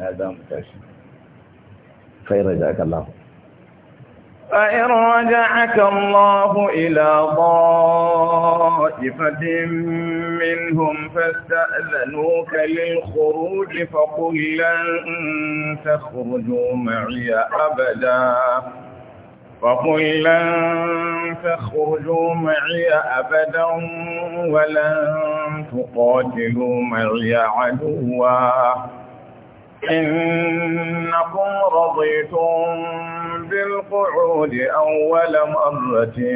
هذا za mu رجعك الله فإن رجعك الله إلى طائفة منهم فاستأذنوك للخروج فقل لن تخرجوا معي أبدا فقل لن تخرجوا معي أبدا ولن تقاتلوا معي عدوا إنكم رضيتم بالقعود أول مرة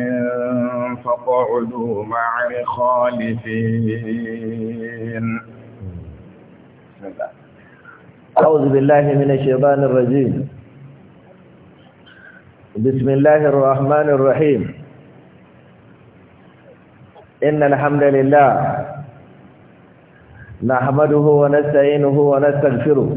فاقعدوا مع الخالفين أعوذ بالله من الشيطان الرجيم بسم الله الرحمن الرحيم إن الحمد لله نحمده ونستعينه ونستغفره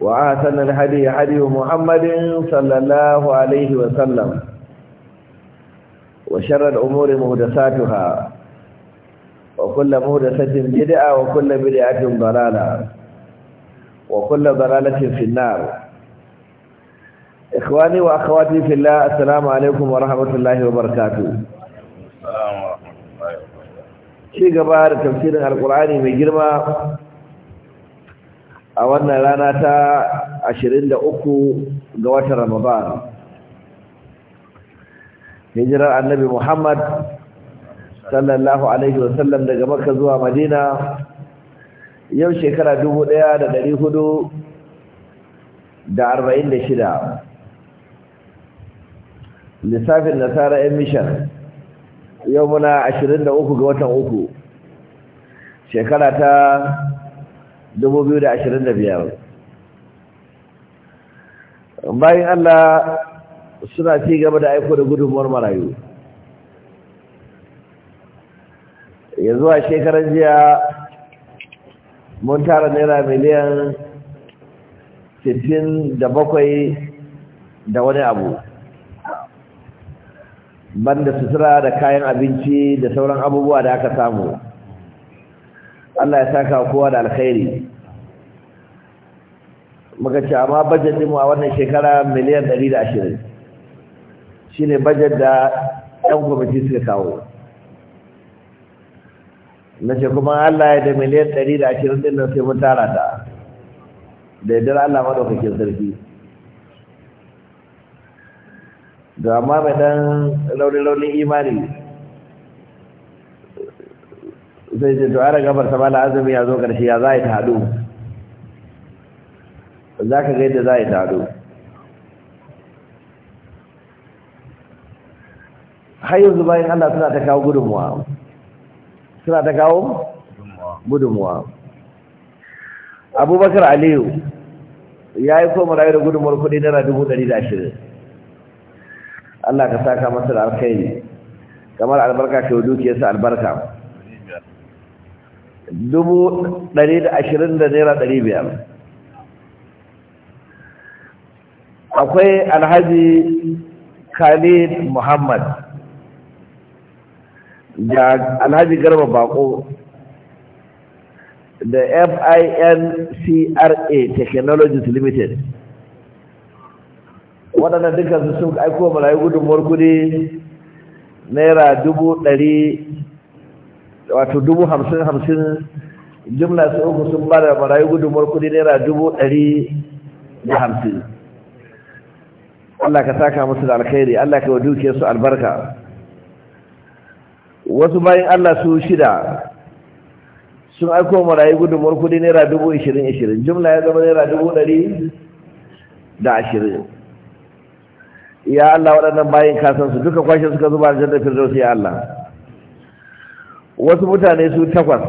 وآثن الهدي هدي محمد صلى الله عليه وسلم وشر الأمور مهدساتها وكل مهدسة جدعة وكل بدعة ضلالة وكل ضلالة في النار إخواني وأخواتي في الله السلام عليكم ورحمة الله وبركاته السلام ورحمة الله وبركاته شيء قبار تفسير القرآن من جرمه a wannan rana ta 23 ga watan Ramadan hijirar annabi Muhammad sallallahu alaihi wasallam daga Makka zuwa Madina yau shekara 1446 lissafin nasara yan mishan yau muna 23 ga watan uku shekara ta biyu da da ashirin biyar. bayan Allah suna ci gaba da aiko da gudunmuwar marayu yanzu a shekarar jiya mun tara naira miliyan 67 da wani abu banda sutura da kayan abinci da sauran abubuwa da aka samu Allah ya saka kowa da alkhairi muka ce amma budget mu a wannan shekara miliyan 120 shine budget da ɗan gwamnati suka kawo na ce kuma Allah ya da miliyan 120 din nan sai mun tara ta da yadda Allah madaukakin sarki da amma mai ɗan raunin-raunin imani sai ce to ana gabar sama da azumi ya zo ƙarshe ya za a yi ta haɗu za ka gai yadda za a yi ta haɗu har yanzu bayan Allah suna ta kawo gudunmuwa suna ta kawo gudunmuwa abubakar aliyu ya yi komo rayu da gudunmuwar kudi nara dubu ɗari da ashirin Allah ka saka masa da alkhairi kamar albarka ke dukiyarsa albarka dubu dari da ashirin da naira dari biyar akwai alhaji khalid muhammad da alhaji garba bako da fincra technologies limited waɗannan dukkan su sun aiko marayu gudunmuwar kudi naira dubu ɗari wato dubu hamsin hamsin jumla su uku sun ba da marayu gudunmuwar kudi naira dubu ɗari da hamsin Allah ka saka musu da alkhairi Allah ka duke su albarka wasu bayan Allah su shida sun aiko marayu gudunmuwar kudi naira dubu ishirin ishirin jumla ya zama naira dubu ɗari da ashirin ya Allah waɗannan bayan kasansu duka kwashe suka zuba da jannatin firdausi ya Allah wasu mutane su takwas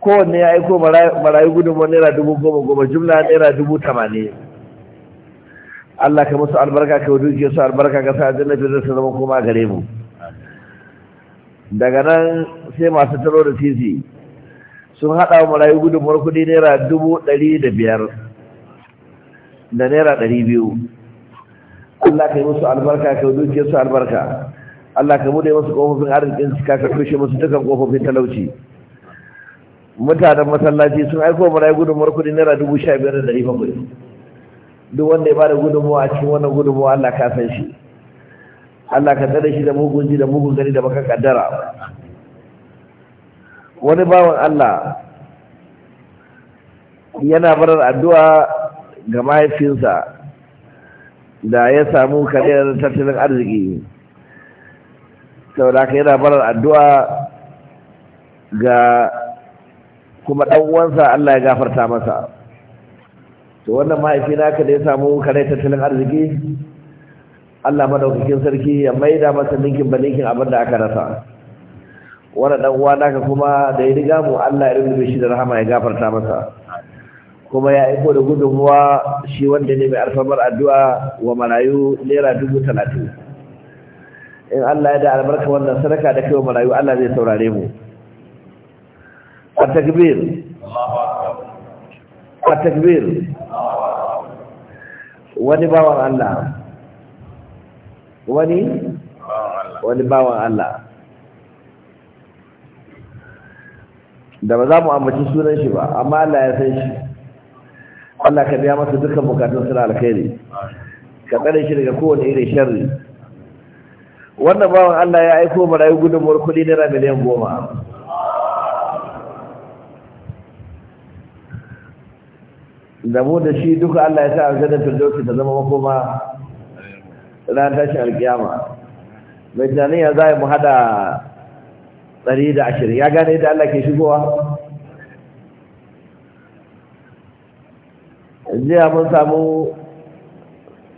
kowanne ya aiko marayu gudunmu naira dubu goma goma jumla naira dubu tamanin Allah ka musu albarka ka ke su albarka ka sa aljanna fi zai zama koma gare mu daga nan sai masu taro da titi sun haɗa wa marayu gudunmuwar kuɗi naira dubu ɗari da biyar da naira ɗari biyu Allah ka yi musu albarka ka ke su albarka Allah ka bude masu kofofin arzikin su ka kushe musu dukan kofofin talauci mutanen masallaci sun aiko marayi gudunmuwar kudi naira dubu sha biyar da ɗari bakwai duk wanda ya bada gudunmuwa a cikin wannan gudunmuwa Allah ka san shi Allah ka tsare shi da mugun ji da mugun gani da baka kaddara wani bawan Allah yana barar addu'a ga mahaifinsa da ya samu kariyar tattalin arziki saboda haka yana barar addu'a ga kuma ɗan uwansa Allah ya gafarta masa to wannan mahaifi naka da ya samu kare tattalin arziki Allah madaukakin sarki ya maida masa ninkin ba ninkin abin da aka rasa wani dan uwa naka kuma da ya riga mu Allah ya da shi da rahama ya gafarta masa kuma ya aiko da gudunmuwa shi wanda ne mai alfamar addu'a wa marayu naira dubu talatin in Allah ya da albarka wannan sadaka da kai wa marayu Allah zai saurare mu at-takbir at-takbir wani bawan Allah wani wani bawan Allah da ba za mu ambaci sunan shi ba amma Allah ya san shi Allah ka biya masa dukkan bukatun suna alkhairi ka tsare shi daga kowane irin sharri wannan bawan Allah ya aiko marayu gudunmuwar kudi naira miliyan goma da mu da shi duka Allah ya sa aljanna firdausi ta zama makoma ran tashin alkiyama mai tunanin ya za mu hada tsari da ashirin ya gane da Allah ke shigowa jiya mun samu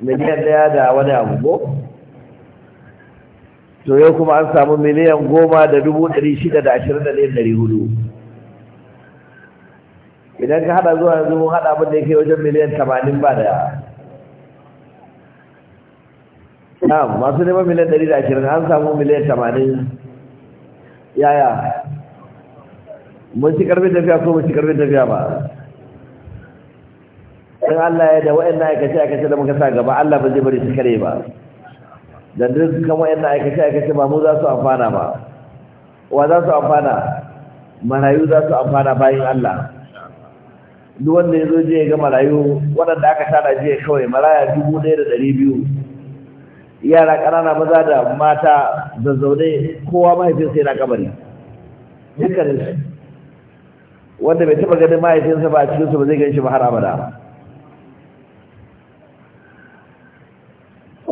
miliyan daya da wani abu to yau kuma an samu miliyan goma da dubu ɗari shida da ashirin da ɗaya ɗari hudu idan ka haɗa zuwa yanzu mun haɗa abin da yake wajen miliyan tamanin ba da Ya masu neman miliyan ɗari da ashirin an samu miliyan tamanin yaya mun ci ƙarfin tafiya ko mun ci ƙarfin tafiya ba in Allah ya da na aikace aikace da muka sa gaba Allah ba zai bari su kare ba da dukkan wayannan aikace aikace ba mu za su amfana ba wa za su amfana marayu za su amfana bayan Allah duk wanda ya zo je ga marayu waɗanda aka tara je kawai maraya dubu ɗaya da ɗari biyu yara ƙanana maza da mata zazzaune kowa mahaifinsa yana kabari su wanda bai taɓa ganin mahaifinsa ba a cikinsu ba zai gan shi ba har abada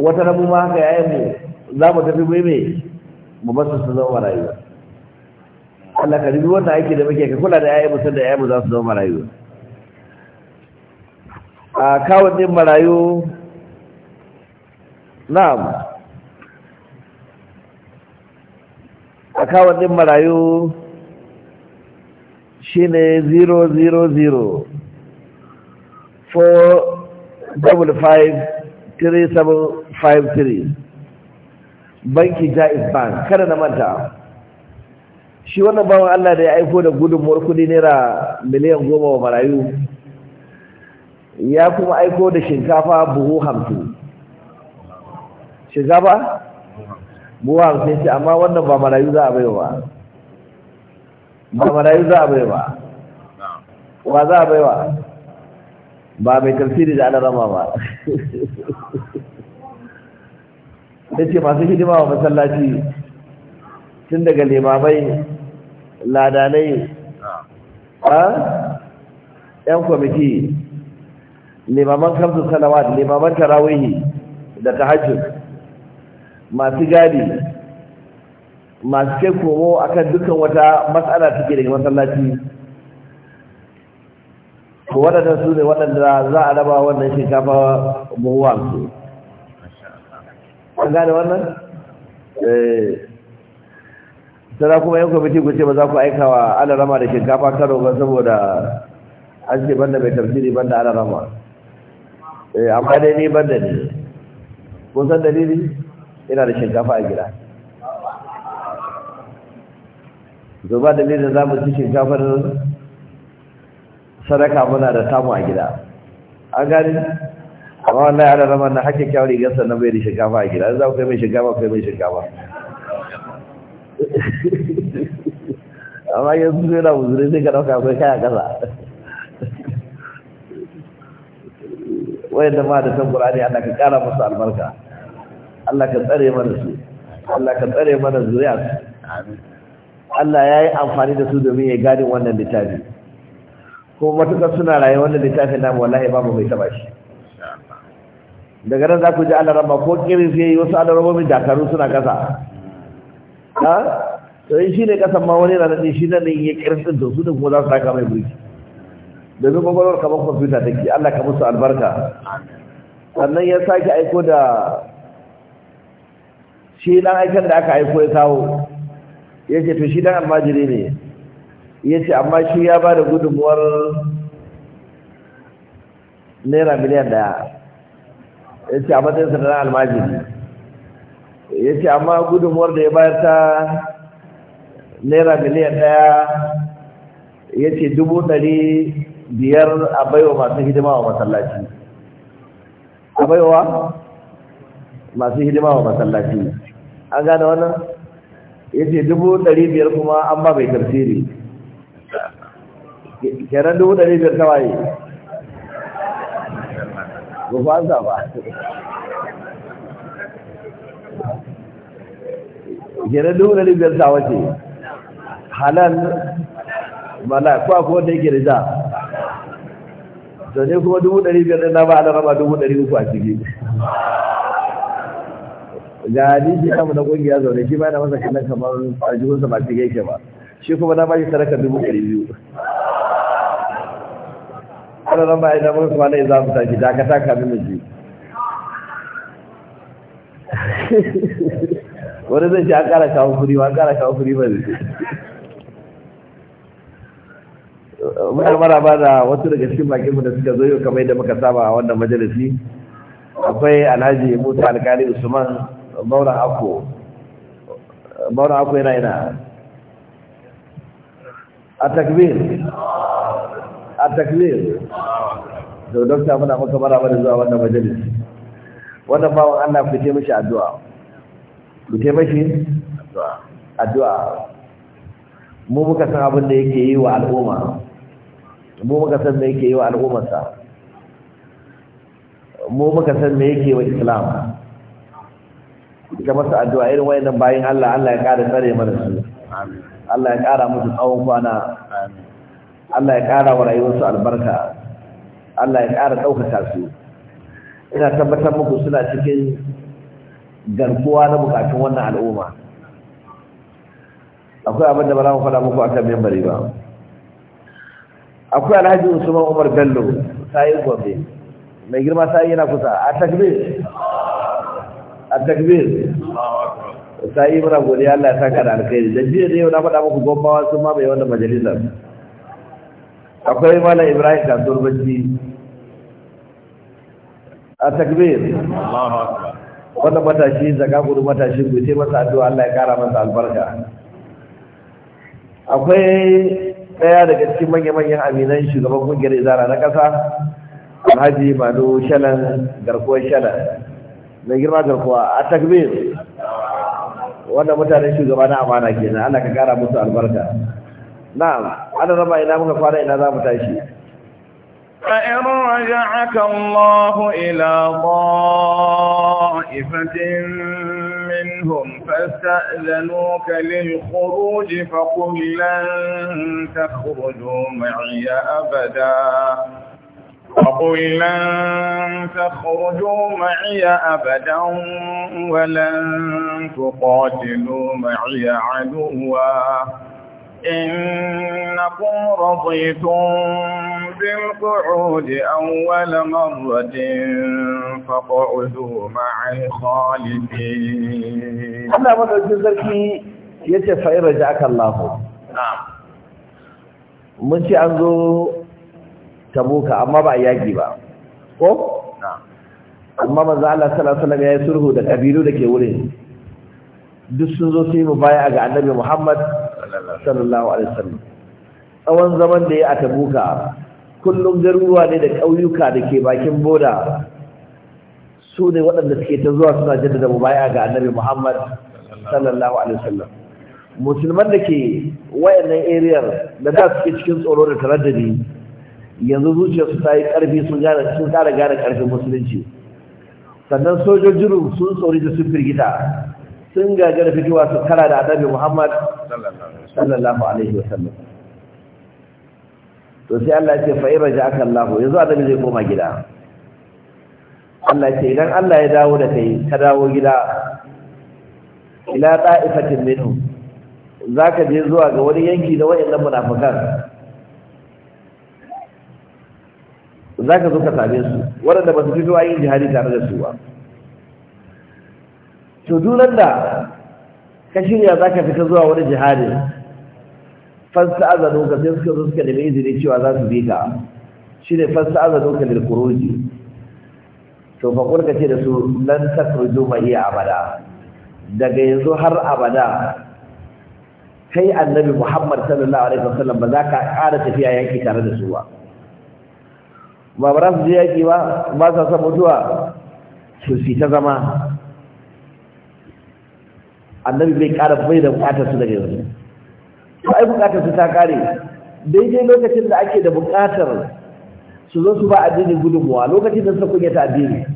wata rabu ma haka yayin mu za mu tafi mai mai mu ba su zama marayu Allah ka rubi wanda aiki da muke ka kula da yayin mu sanda yayin za su zama marayu a kawo din marayu na'am a kawo din marayu shine 000 four double five 3753 banki jais bank kada na manta shi wannan bawan Allah da ya aiko da gudunmuwar kudi naira miliyan goma wa marayu ya kuma aiko da shinkafa buhu hamsin shinkafa buhu hamsin ce amma wannan ba marayu za a bai ba ba marayu za a bai wa wa za a bai wa ba mai tafsiri da ana rama ba ya masu hidima wa masallaci tun daga limamai ladanai a yan kwamiti limaman kamsu salawat limaman tarawihi da tahajjud masu gadi masu kai komo akan dukkan wata matsala take daga masallaci to waɗannan su ne waɗanda za a raba wannan shinkafa buhuwa su an gane wannan eh. sana kuma yin kwamiti ku ce ba za ku aika wa alarama da shinkafa karo ba saboda an ce banda mai tafsiri banda alarama eh, amma dai ni banda ne kun san dalili ina da shinkafa a gida zuba dalilin za mu ci shinkafar sadaka muna da tamu a gida an gani amma wallahi ana zama na hakin kyawar rigar sannan bai da shinkafa a gida za ku kai mai shinkafa kai mai shinkafa amma yanzu zai na buzuri sai ka ɗauka akwai kaya kasa. wayan da ma da san ƙurani Allah ka ƙara musu albarka Allah ka tsare mana su Allah ka tsare mana zuriya Allah ya yi amfani da su domin ya gadi wannan littafi ko matuƙar suna raye wannan littafin namu wallahi babu mai taba shi daga nan za ku ji alarama ko kirin sai yi wasu mai dakaru suna ƙasa ha to yi shi ne ƙasan ma wani ranar ne shi na nan yi kirin ɗin to su ne kuma za su taka mai burki domin kwakwalwar kamar kwamfuta take allah ka musu albarka sannan ya sake aiko da shi ɗan aikan da aka aiko ya kawo ya ce to shi ɗan almajiri ne ya ce amma shi ya ba da gudunmuwar naira miliyan daya ya ce a matsayin sanarar almajiri ya ce amma gudunmuwar da ya bayar ta naira miliyan daya ya ce dubu dari biyar a baiwa masu hidima wa masallaci a baiwa masu hidima wa masallaci an gane wannan ya ce dubu dari biyar kuma an ba mai tarsiri kenan dubu ɗari biyar tawaye ba ku ansa ba kenan dubu ɗari biyar tawa ce halal mana kuwa kuwa ta yi rija to ne kuma dubu ɗari biyar na ba da raba dubu ɗari uku a ciki ga hadisi kamu na ƙungiya zaune shi ba na masa kallon kamar a jihunsa ba cike yake ba shi kuma na ba shi sadaka dubu ɗari biyu ana nan ba ina mun kuma ne za mu tafi da ka taka min ji wani zai ce an kara kawo kuri ba an kara kawo kuri ba zai mara ba da wasu daga cikin mu da suka zo yau kamar yadda muka saba a wannan majalisi akwai alhaji musa alkali usman maura ako maura ako yana yana a takbir a takbir to dokta muna maka maraba da zuwa wannan majalis wannan bawan Allah ku ce mishi addu'a ku ce mishi addu'a mu muka san abin da yake yi wa al'umma mu muka san me yake yi wa al'ummarsa mu muka san me yake wa islam ga masa addu'a irin wayannan bayin Allah Allah ya ƙara tsare mana su Allah ya ƙara musu tsawon kwana amin Allah ya ƙara wa rayuwarsu albarka Allah ya ƙara ɗaukaka su ina tabbatar muku suna cikin garkuwa na bukatun wannan al'umma akwai abin da ba za mu faɗa muku akan membari ba akwai alhaji usman umar bello sayi gombe mai girma sayi yana kusa a takbir a takbir sayi muna godiya Allah ya saka da alkhairi da jiya da yau na faɗa muku gombawa sun mamaye wannan majalisar akwai mala ibrahim kasuwar turbaci a takbir wanda matashi zaka gudu matashi ku masa addu'a Allah ya kara masa albarka akwai daya daga cikin manya-manyan aminan shugaban kungiyar izara na kasa alhaji manu shalan garkuwar shalan mai girma garkuwa a takbir wanda mutanen shugaba na amana kenan Allah ka kara musu albarka na'am ana raba ina muka fara ina za mu tashi فإن رجعك الله إلى طائفة منهم فاستأذنوك للخروج فقل لن تخرجوا معي أبدا فقل لن تخرجوا معي أبدا ولن تقاتلوا معي عدوا إنكم رضيتم بالقعود أول مرة فقعدوا مع الخالفين أنا مدى جزركي يتفعي رجعك الله نعم mun ce an zo tabuka amma ba yaƙi ba ko? amma manzo Allah sallallahu alaihi wasallam ya yi sulhu da kabilu da ke wurin duk sun zo su yi baya ga annabi Muhammad sallallahu alaihi wasallam tsawon zaman da ya a tabuka kullum garuruwa ne da ƙauyuka da ke bakin boda su ne waɗanda suke ta zuwa suna jaddada mubaya ga annabi Muhammad sallallahu alaihi wasallam musulman da ke wayannan area da su ke cikin tsoro da taraddadi yanzu zuciyarsu ta yi ƙarfi sun gane sun ƙara gane ƙarfin musulunci sannan sojojin sun tsori da sun firgita sun da fitowa su kara da annabi Muhammad sallallahu alaihi wasallam to sai Allah ya ce fa iraja aka Allah yanzu annabi zai koma gida Allah ya ce idan Allah ya dawo da kai ka dawo gida ila ta'ifatin minhum zaka je zuwa ga wani yanki da wayannan munafikan zaka zo ka same su waɗanda ba su fito ayin jihadi tare da su ba to dunan da ka shirya za ka fita zuwa wani jihadin fasta azanu ka sai suka zo suka nemi izini cewa za su bi ka shi ne fasta azanu ka lil kuruji to fa kurka ce da su lan takruju ma iya abada daga yanzu har abada kai annabi Muhammad sallallahu alaihi wasallam ba za ka ƙara tafiya yanki tare da su ba ba ba za su je yaƙi ba ba sa son mutuwa su ta zama annabi bai kara bai da bukatar su daga yanzu to ai bukatar su ta kare daidai lokacin da ake da bukatar su zo su ba addini gudunmuwa lokacin da suka kunyata addini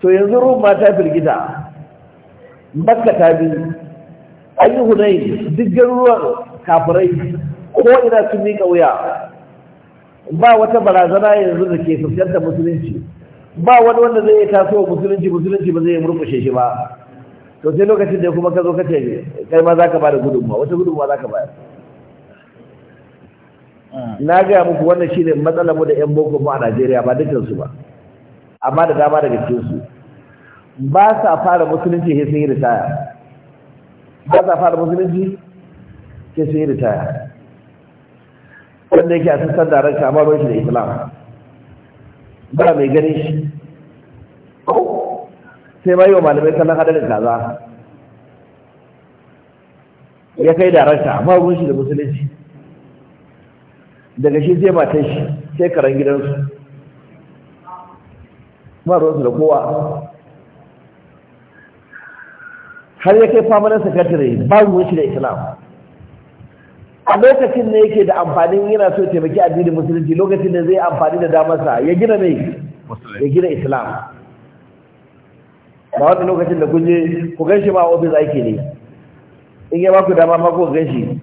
to yanzu rum ta firgita makka ta bi an yi hunai duk garuruwan kafirai ko ina sun miƙa wuya ba wata barazana yanzu da ke fuskantar musulunci ba wani wanda zai iya taso musulunci musulunci ba zai yi murkushe shi ba to sai lokacin da kuma ka zo ka ce kai ma za ka bada gudunmuwa wata gudunmawa za ka bayar na gaya muku wannan shi ne matsalar mu da 'yan boko mu a najeriya ba dukansu ba amma da dama daga cikinsu ba sa fara musulunci sai sun yi ritaya ba sa fara musulunci sai sun yi ritaya wanda yake asistan darakta amma ruwan shi da islam ba mai ganin shi sai ma yi wa malamai kallon hadarin kaza ya kai rasha amma gun shi da musulunci daga shi sai matan shi sai karen gidansu ma ruwansu da kowa har ya kai famanin sakatare ba ruwan shi da islam a lokacin ne yake da amfanin yana so taimaki addinin musulunci lokacin da zai amfani da damarsa ya gina mai ya gina islam ba wanda lokacin da kun je ku gan shi a ofis aiki ne in ya ba ku dama ma ku gan shi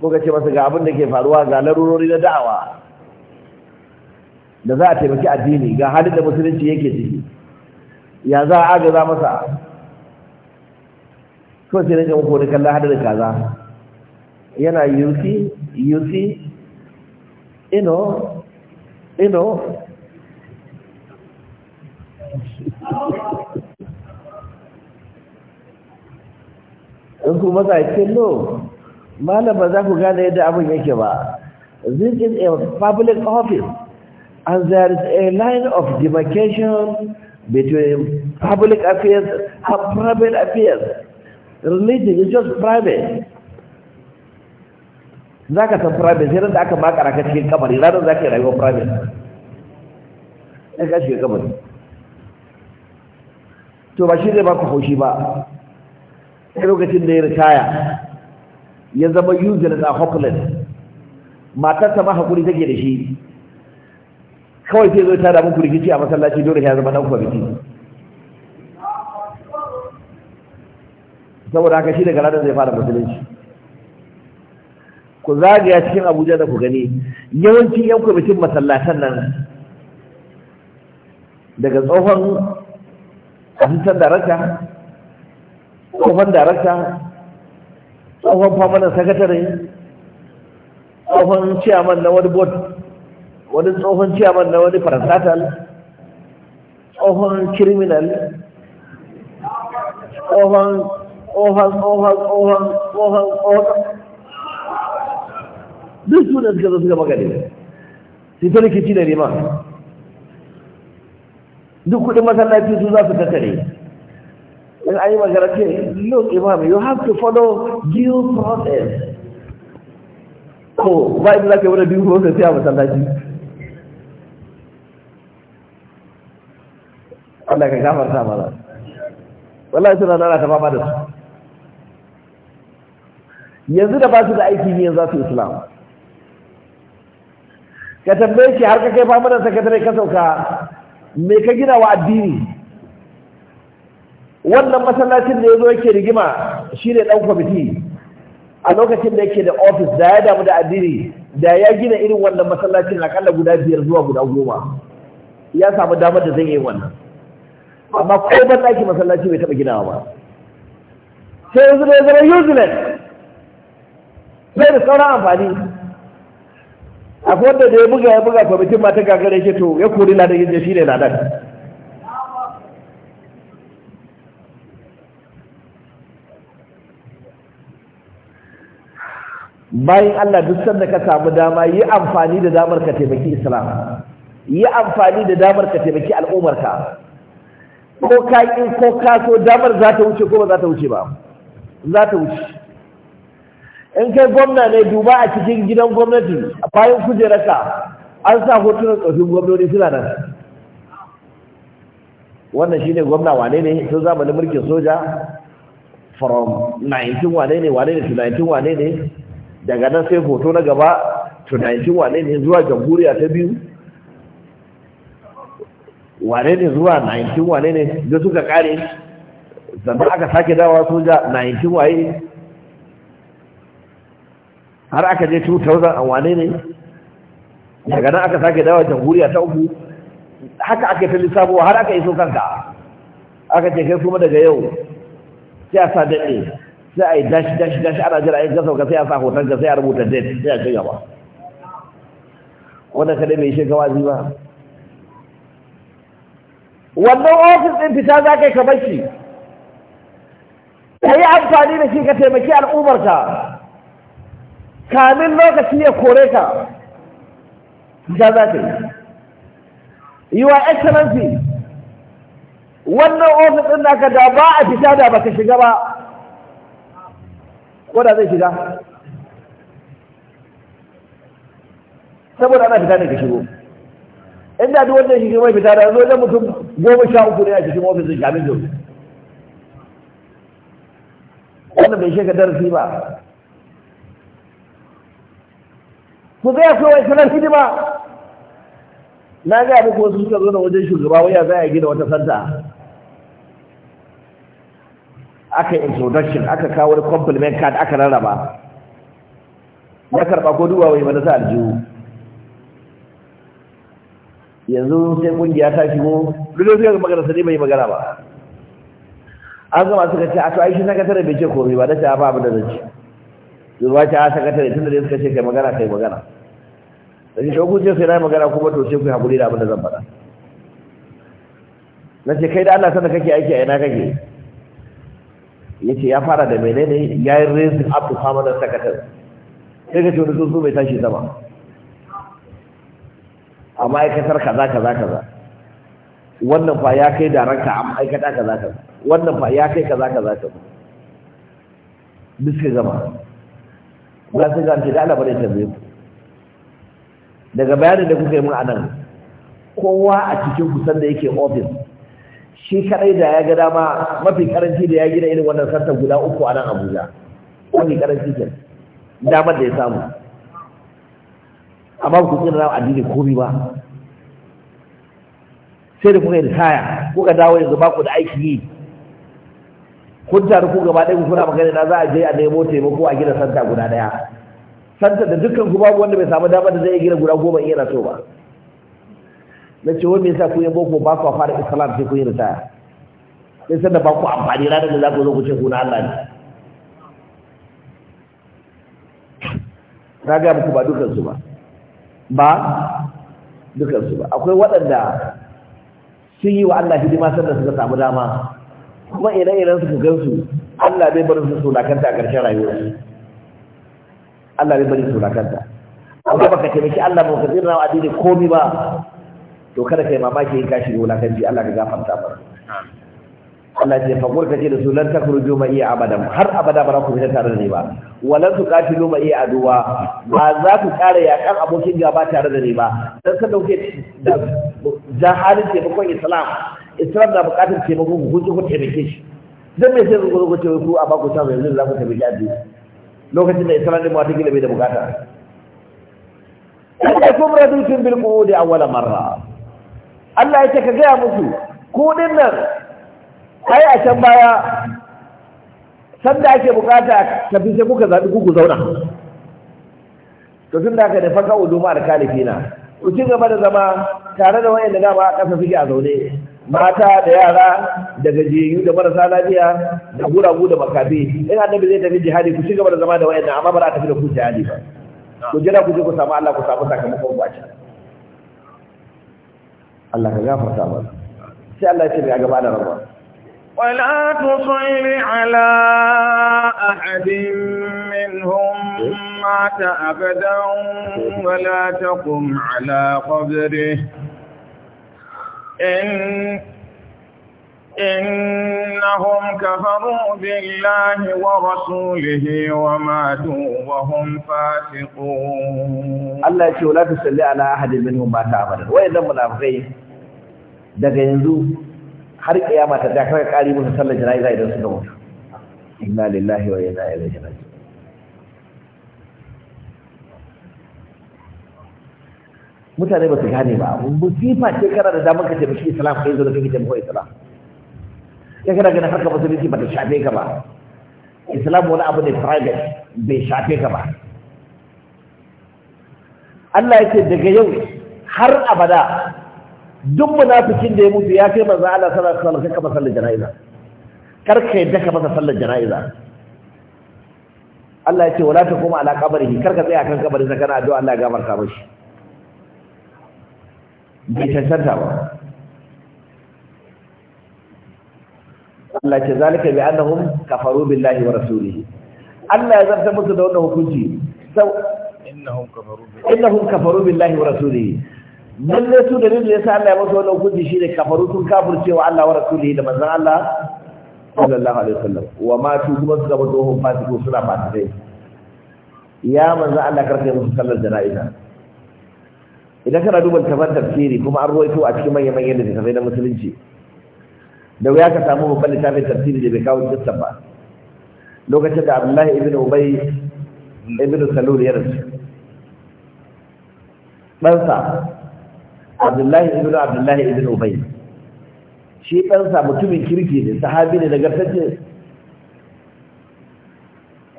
ko ce masa ga abin da ke faruwa ga larurori na da'awa da za a taimaki addini ga halin da musulunci yake ciki ya za a agaza masa so sai rage muku wani kallon hadar kaza yana yusi yusi ino ino in ku ka kello malam ba za ku gane yadda abin yake ba this is a public office and there is a line of demarcation between public affairs and private affairs religion is just private za ka san private sai da aka makara ka cikin kamari ranar za ka yi rayuwar private ya ka shiga kamar to ba shi zai ba ku haushi ba sai lokacin da ya ritaya ya zama yuzin a hopeless matarsa ma hakuri take da shi kawai sai zo ta damu muku rikici a masallaci dole ya zama dan kwamiti saboda haka shi daga ranar zai fara musulunci ku zagaya cikin abuja da ku gani yawancin yan kwamitin masallatan nan daga tsohon asistan darata tsohon darakta tsohon famanin sakatare tsohon ciyaman na wani bot, wani tsohon ciyaman na wani faransatal tsohon kiriminal, tsohon tsohon tsohon tsohon tsohon tsohon duk suna suka zo suka magani, sai ta rikici da nema duk kudin masallaci su za su tattare in an yi magana ce look imam you have to follow due process ko ba inda za ka due process ya masallaci Allah ka gafarta mana wallahi suna nana ta fama da su yanzu da ba su da aiki ne za su islam ka tambaye shi har ka kai fama da sakatare ka sauka me ka gina wa addini wannan masallacin da ya zo yake rigima shi ne ɗan kwamiti a lokacin da yake da ofis da ya damu da addini da ya gina irin wannan masallacin akalla guda biyar zuwa guda goma ya samu damar da zai yi wannan amma ko ban ɗaki masallaci bai taɓa ginawa ba sai yanzu da ya zama useless sai da sauran amfani akwai wanda da ya buga ya buga kwamitin mata gagara yake to ya kori ladan yin shi ne ladan bayan Allah duk sanda ka samu dama yi amfani da damar ka taimaki islam yi amfani da damar ka taimaki al'ummarka ko ka yi ko ka so damar za ta wuce ko ba za ta wuce ba za ta wuce in kai gwamna ne duba a cikin gidan gwamnati bayan kujerarka an sa hotunan tsofin gwamnoni suna nan wannan shine gwamna wane ne sun zamanin mulkin soja from 19 wane ne wane ne to 19 wane ne daga nan sai hoto na gaba tunanin wane ne zuwa jamhuriya ta biyu wane ne zuwa 19 wane ne da suka kare zanda aka sake dawa soja 19 waye har aka je 2000 a wane ne daga nan aka sake dawa jamhuriya ta uku haka aka ta lissafowa har aka iso kanka aka ce kai kuma daga yau sai a sa daɗe sai a yi dash dash dash ana jira yin gasau sai a sa hoton ka sai a rubuta date sai a ci gaba wanda dai mai shi gawa ba wannan ofis ɗin fita za ka yi ka bashi ka yi amfani da shi ka taimaki al'ummarka kamin lokaci ya kore ka fita za ka yi wa excellency wannan ofis ɗin naka da ba a fita da baka shiga ba ko zai shiga saboda ana fita ne ka shigo in da duk wanda ya shigo mai fita da zo wajen mutum goma sha uku ne a cikin ofisin kamin jirgi Wanda bai shiga darasi ba ku zai so wai sanar hidima na ga muku wasu suka zo na wajen shugaba waya za a gina wata santa aka introduction aka kawo wani compliment card aka rarraba ya karɓa ko duba wai mana sa aljihu yanzu sai kungiya ta shigo duk sai ga magana sai bai magana ba an zama suka ce a to ai shi sakatare bai ce komai ba da ta ba abin da zan ci zuwa ta tun da dai suka ce kai magana kai magana da shi ku ce sai na magana kuma to sai ku haƙuri da abin da zan faɗa ce kai da Allah sanda kake aiki a ina kake Ya ce ya fara da menene ya yi raising up to permanent secretary sai ka ce wani tsuntsu mai tashi sama a ma'aikatar kaza kaza kaza wannan fa ya kai ranka a ma'aikata kaza kaza wannan fa ya kai kaza kaza kaza duk sai gama ba su ga ce da alabar ne tambaye ku daga bayanin da kuka yi mun nan, kowa a cikin kusan da yake ofis shi kadai da ya ga dama mafi karanci da ya gina irin wannan santa guda uku a nan abuja mafi karanci ke damar da ya samu amma ku rawa addini komi ba sai da kuka yi ritaya kuka dawo yanzu ba ku da aiki yi kun taru ku gaba ɗaya kuna magana na za a je a nemo taimako a gina santa guda ɗaya santa da dukkan ku babu wanda bai samu damar da zai gina guda goma in yana so ba na ce wani yasa ku yi boko ba ku fara islam sai ku yi ritaya sai sanda ba ku amfani ranar da za ku zo ku ce ku na Allah ne na gaya muku ba dukansu ba ba dukansu ba akwai waɗanda sun yi wa Allah hidima sanda suka samu dama kuma ire-iren su su. Allah bai bari su sulakanta a ƙarshen rayuwa Allah bai bari su sulakanta amma baka taimaki Allah ba ka tsira wa addini komi ba to kada kai mamaki in kashi da wulakanci Allah ka gafarta ba Allah ce fakur ka ce da su lan takruju ma iya abadan har abada ba za ku fita tare da ni ba walan su katilu ma iya aduwa ba za ku kare yakan abokin gaba tare da ni ba dan san da kuke da jahalin taimakon islam islam na bukatar taimako ku ku ku taimake shi dan me sai ku ku ce ku a ba ku samu yanzu za ku taimake addini lokacin da islam ne ma ta gida bai da bukata kuma radutun bil qudi awwal marra Allah ya ce ka gaya musu kudin nan ai a can baya sanda ake bukata tafi sai kuka zaɓi kuku zauna to tun da aka nufa kawo duma da kalifina ku ci gaba da zama tare da wayan da dama a ƙasa suke a zaune mata da yara da gajiyayyu da marasa lafiya da guragu da makafi in annabi zai tafi jihadi ku ci gaba da zama da wayan amma ba za a tafi da ku jihadi ba ku jira ku je ku samu Allah ku samu sakamakon ku a can Allah ka gafarta mana sai Allah ya ce mai gaba da rabuwa ولا تصل ala أحد منهم مات أبدا wala إنهم كفروا بالله ورسوله وماتوا وهم فاسقون الله يقول لا تصلي على أحد منهم مات أبدا وإن لم نفقه yanzu ينزو حرق قيامة da kaka kari musu sallar jana'iza idan suka mutu inna lillahi wa inna mutane ba su gane ba mun musifa ce kana da damar ka taimaki islam kai zo da kake taimako islam ka kana ganin harkar musulunci ba ta shafe ka ba islam wani abu ne private bai shafe ka ba Allah ya ce daga yau har abada duk munafikin da ya mutu ya kai manzo Allah sallallahu alaihi wasallam kai sallar jana'iza kar ka yadda ka masa sallar jana'iza Allah ya ce wala ta koma ala kabarihi kar ka tsaya kan kabarin sa kana addu'a Allah ya gafarta mishi bai tantanta ba Allah ce zalika bi annahum kafaru billahi wa rasulihi Allah ya zarta musu da wannan hukunci sau innahum kafaru billahi innahum kafaru billahi wa rasulihi ne su da rinda yasa Allah ya musu wannan hukunci shine kafaru tun kafirce wa Allah wa rasulihi da manzon Allah sallallahu alaihi wasallam wa ma tu kuma su gaba dohon fasiku suna fasikai ya manzon Allah karfe musu sallar jana'iza idan kana duba tafsiri kuma an ruwaito a cikin manyan manyan da tafsirai na musulunci da wuya ka samu babban littafin tafsiri da bai kawo kissa ba lokacin da abdullahi ibn ubay ibn salul ya rasu ɗansa abdullahi ibn abdullahi ibn ubay shi ɗansa mutumin kirki ne sahabi ne nagartacce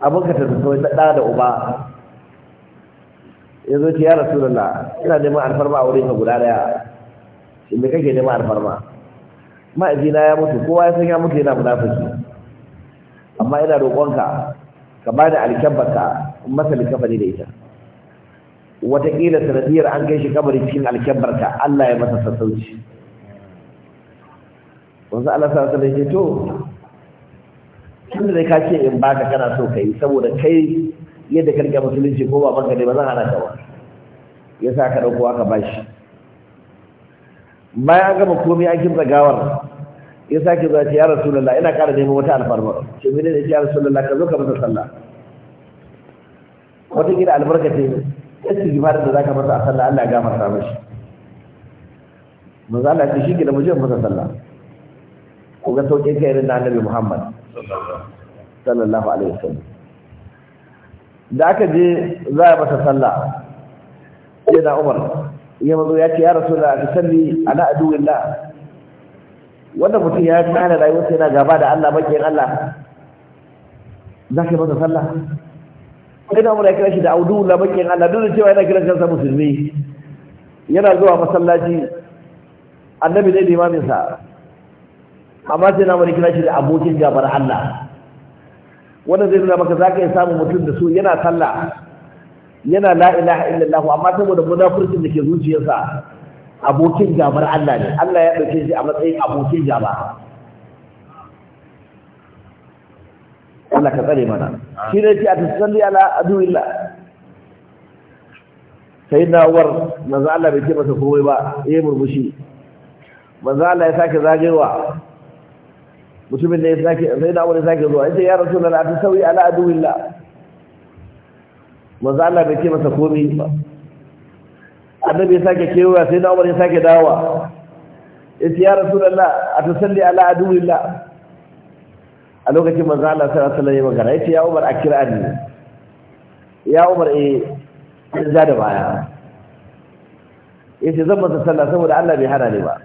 abinka ka zuwa ta ɗa da uba ya zo ce ya rasu da ina neman alfarma a wurin ka guda daya shi mai kake neman alfarma ma'ajina ya mutu kowa ya san ya mutu yana munafiki amma ina roƙonka ka ba da alkyabarka masa likafani da ita wataƙila sanadiyar an kai shi kabari cikin alkyabarka, Allah ya masa sassauci wanzu Allah sa sanar ce to tun da ka ce in baka kana so ka yi saboda kai yadda karka musulunci ko ba banka ne ba zan hana ka ba ya sa ka ɗauko aka bashi bayan an gama komai an kimtsa gawar ya sake zuwa ce ya lalla ina kara neman wata alfarma ce mene ne ya lalla ka zo ka masa sallah wata gida albarka ce ya ce gima da za ka masa a sallah Allah ya gafarta mashi maza Allah ce shi gida mu je masa sallah ko ga sauƙin kai irin na Annabi Muhammad sallallahu alaihi wasallam da aka je za a masa sallah ya da Umar ya mazo ya ce ya rasu da a salli a na aduwillah wanda mutum ya kana rayuwarsa yana gaba da Allah bakin Allah za ka yi masa sallah sai na mura kira shi da Audu, auduwillah bakin Allah duk da cewa yana kiran kansa musulmi yana zuwa masallaci annabi zai limamin sa amma sai na mura kira shi da abokin gabar Allah wanda zai nuna maka za ka yi samun mutum da su yana sallah yana la ilaha illallah amma saboda munafurcin da ke zuciyarsa abokin gabar Allah ne Allah ya dauke shi a matsayin abokin gaba Allah ka tsare mana shi ne ce a tsalli ala aduwillah sai na war manzo Allah bai ce masa komai ba eh murmushi manzo Allah ya sake zagewa mutumin da ya sake sai na war ya sake zuwa sai ya rasulullah ta sauyi ala aduwillah manzo Allah bai ce masa komai ba annabi ya sake kewaya sai na Umar ya sake dawa yace ya rasulullah atasalli ala aduwillah a lokacin manzo Allah sallallahu alaihi wa sallam magana yace ya Umar akirani ya Umar eh sai za da baya yace zan masa sallah saboda Allah bai hana ni ba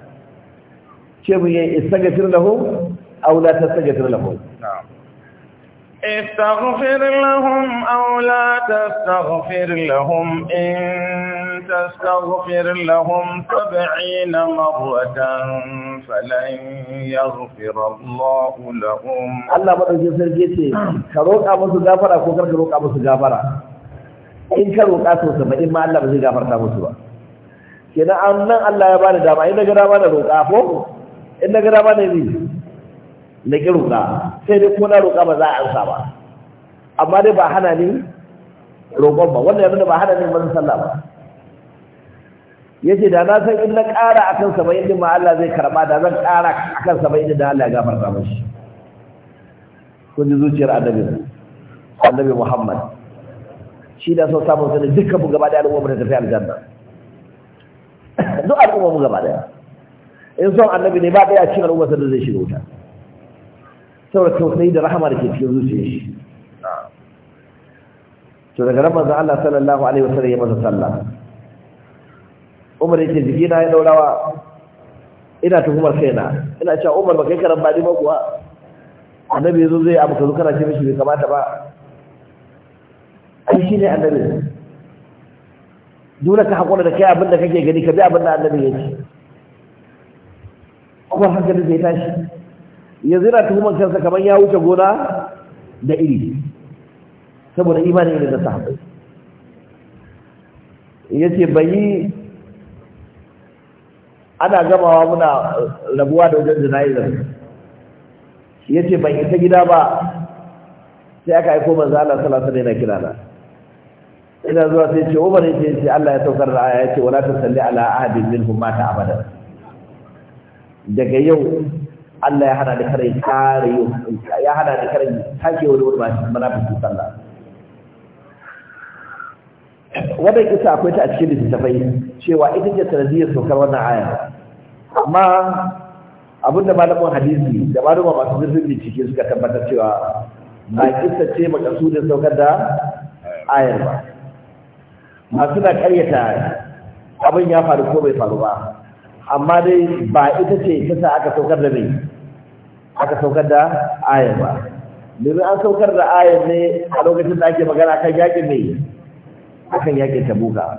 ce mun yayi istaghfir lahum aw la tastaghfir lahum استغفر لهم أو لا تستغفر لهم إن تستغفر لهم سبعين مرة فلن يغفر الله لهم الله بدأ جسر جيتي كروك أبو سجافرة كوكر كروك أبو سجافرة إن كروك أسو سبعين ما الله بزي جافر تابو سوا كنا أنن الله يبالي داما إن جرابان روك أفو إن جرابان روك na ƙi roƙa sai dai kuma na roƙa ba za a ansa ba amma dai ba hana ni roƙon ba wannan yanzu ba hana ni mazan sallah ba ce da na san in na ƙara kan sama yadda ma Allah zai karɓa da zan ƙara a kan sama yadda da Allah ya gafarta mashi kun ji zuciyar annabi annabi Muhammad shi da so samun sani dukkan mu gaba da al'umma da tafiya aljanna duk al'umma mu gaba daya in son annabi ne ba daya cikin al'umma sanda zai shiga wuta saboda tausayi da rahama da ke cikin zuciya shi to daga nan manzon Allah sallallahu alaihi wasallam ya masa sallah Umar yake jiki na ya daurawa ina tuhumar kaina ina cewa Umar baka karan ba ba kuwa annabi yazo zai abu kazo kana ce mishi bai kamata ba ai ne annabi dole ka hakura da kai abin da kake gani ka bi abin da annabi yake kuma hankali zai tashi yanzu yana tuhumar kansa kamar ya wuce gona da iri saboda imanin irin da sahabbai ya ce bayi ana gamawa muna rabuwa da wajen jana'izar ya ce ban ta gida ba sai aka aiko manzo Allah sallallahu alaihi wasallam kira na ina zuwa sai ce Umar yace sai Allah ya saukar da aya yace wala tusalli ala ahadin minhum mata abada daga yau Allah ya hana da kare kare ya hana da kare take wani wani manafisun sallah wannan kisa akwai ta a cikin littattafai cewa ita ce sanadiyar saukar wannan ayar. amma abinda malamin hadisi da malamin masu zurfin bincike suka tabbatar cewa ba kisa ce makasudin saukar da ayar ba masu na karyata abin ya faru ko bai faru ba amma dai ba ita ce ta sa aka saukar da mai aka saukar da Aya ba domin an saukar da Aya ne a lokacin da ake magana kan yakin ne akan yakin tabuka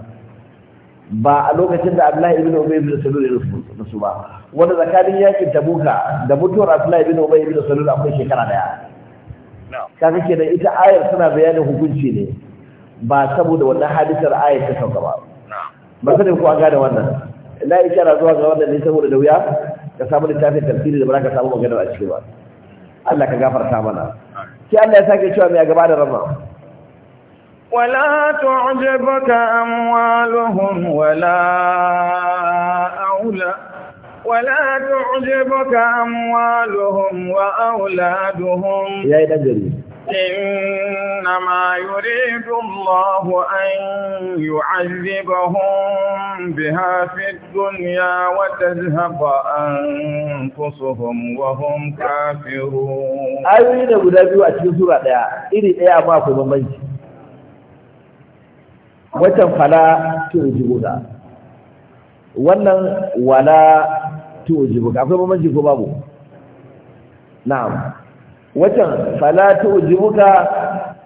ba a lokacin da Abdullahi ibn Ubay ibn Salul ya rusu ba wanda zakarin yakin tabuka da mutuwar Abdullahi ibn Ubay ibn Salul akwai shekara daya kake kenan ita ayar suna bayanin hukunci ne ba saboda wannan hadisar ayar ta sauka ba ba sai ko an gane wannan la ishara zuwa ga wannan ne saboda da wuya ka samu littafin tafsiri da ba za ka samu maganar a cikin ba Allah ka gafarta mana sai Allah ya sake cewa mai gaba da rama ولا تعجبك أموالهم ولا wala ولا تعجبك أموالهم وأولادهم يا إلى إنما يريد الله أن يعذبهم بها في الدنيا وتذهب أنفسهم وهم كافرون أين قد أبيوا أتكين سورة ديا إلي إيا ما في مميز وتم فلا تؤجبنا wannan wala tu'jibuka akwai bambanci ko babu na'am wacan fala tu'jibuka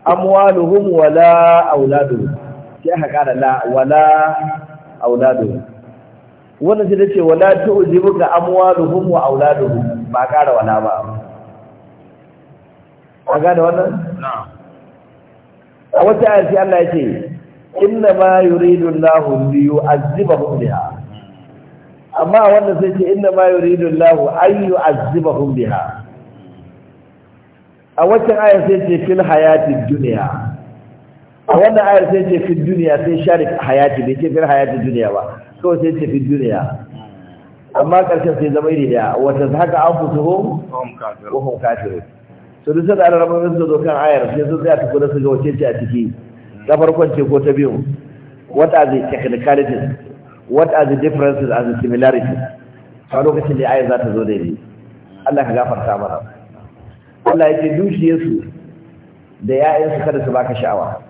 amwaluhum wala auladuhum sai aka kara la wala auladuhum wannan sai dace wala tu'jibuka amwaluhum wa auladuhum ba kara wala ba an da wannan na'am wata ayati Allah yake inna ma yuridu Allahu li yu'azzibahum biha amma wannan sai ce inna ma yuridu Allahu an yu'azzibahum biha a wancan ayar sai ce fil hayatin duniya a wannan ayar sai ce fil duniya sai share hayati bai ce fil hayatin duniya ba kawai sai ce fil duniya amma karshen sai zama iri da wata haka an fusu hom wahum kafir so duk sai Allah rabbi sun zo kan ayar sai sun tsaya tukuna su ga wace ce a ciki ta farkon ce ko ta biyu what are the technicalities what are the differences and the similarities a lokacin da ayar za ta zo daidai Allah ka gafarta mana Allah yake ce dukiyarsu da ‘ya'yansu kada su baka sha'awa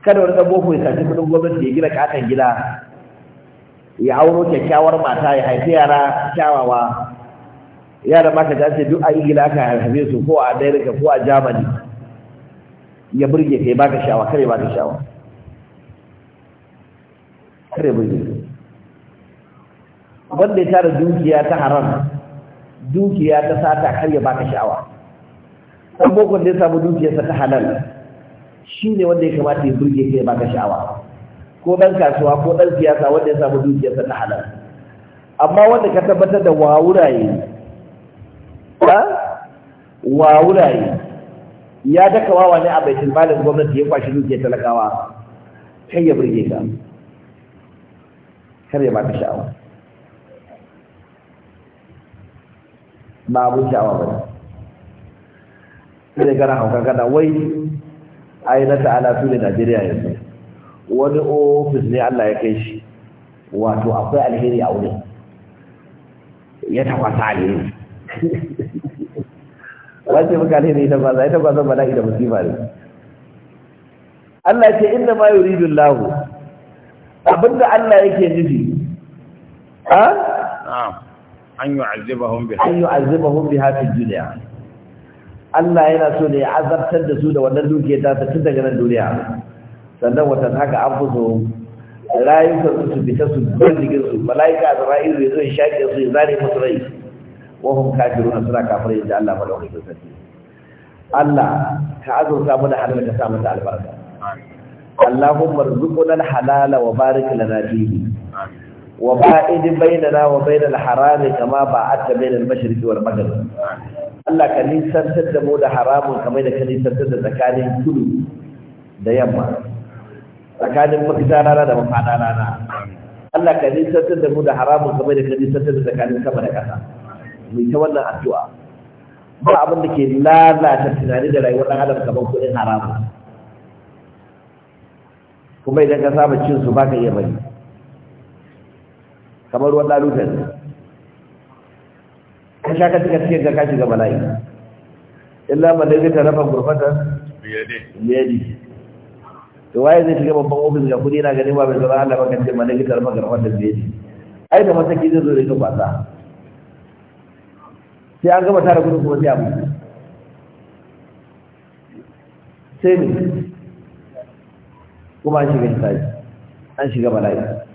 kada wani ɗanboko ya sace kudin gwamnati ya gina katon gida ya auro kyakkyawar mata ya haifi yara kyawawa yara maka ta ce duk a ingila aka haife su ko a america ko a germany ya burge kai baka sha'awa kare baka sha'awa kare burge wanda ya tara dukiya ta haram dukiya ta sata har ya baka sha'awa san bokon da ya samu dukiyarsa ta halal shi ne wanda ya kamata ya burge ka ya baka sha'awa ko dan kasuwa ko dan siyasa wanda ya samu dukiyarsa ta halal amma wanda ka tabbatar da wawuraye ba wawuraye ya daka wawa ne a baitul malin gwamnati ya kwashi dukiyar talakawa kai ya burge ka kar ya baka sha'awa ba abun sha'awa ba ne da kana hauka kana wai ai na ta'ala su ne Najeriya yanzu wani ofis ne Allah ya kai shi wato akwai alheri a wurin ya tafasa alheri wace muka alheri ita ba za ita ba zan bala'i da musiba ne Allah ce inda ma yuridu lahu abinda Allah yake nufi ha ah? an yu'azzibahum biha an yu'azzibahum biha fi dunya Allah yana so ne ya azabtar da su da wannan dukiyar ta ta tun daga nan duniya sannan watan haka an fuso rayukan su fita su bandigin su malaika da ra'iru ya zo ya shaƙe su ya zare musu rai wa hum kafirun sura kafirai da Allah madaukakin sarki Allah ka azurta mu da halal ka sa mu da albarka Allahumma rzuqna al-halala wa barik lana fihi amin wa ba'id bainana wa bainal harami kama ba'adta bainal mashriqi wal maghrib Allah ka nisantar da mu da haramun kamar da ka nisantar da tsakanin kudu da yamma tsakanin mafita rana da mafada rana Allah ka nisantar da mu da haramun kamar da ka nisantar da tsakanin sama da ƙasa mu ta wannan addu'a ba abin da ke lalata tunani da rayuwar ɗan adam kamar kuɗin haramun kuma idan ka saba cin su baka iya bari kamar ruwan lalutar ka sha ka cika cikin ka shiga bala'i illa ba da zai tarafa gurfata biyadi to waye zai shiga babban ofis ga kudi na ganin ba mai zama Allah ba ce ma dai ta rafa gurfata biyadi ai da masaki zai zo da ita kwasa sai an gama tara kudin kuma sai abu sai ne kuma an shiga hisabi an shiga bala'i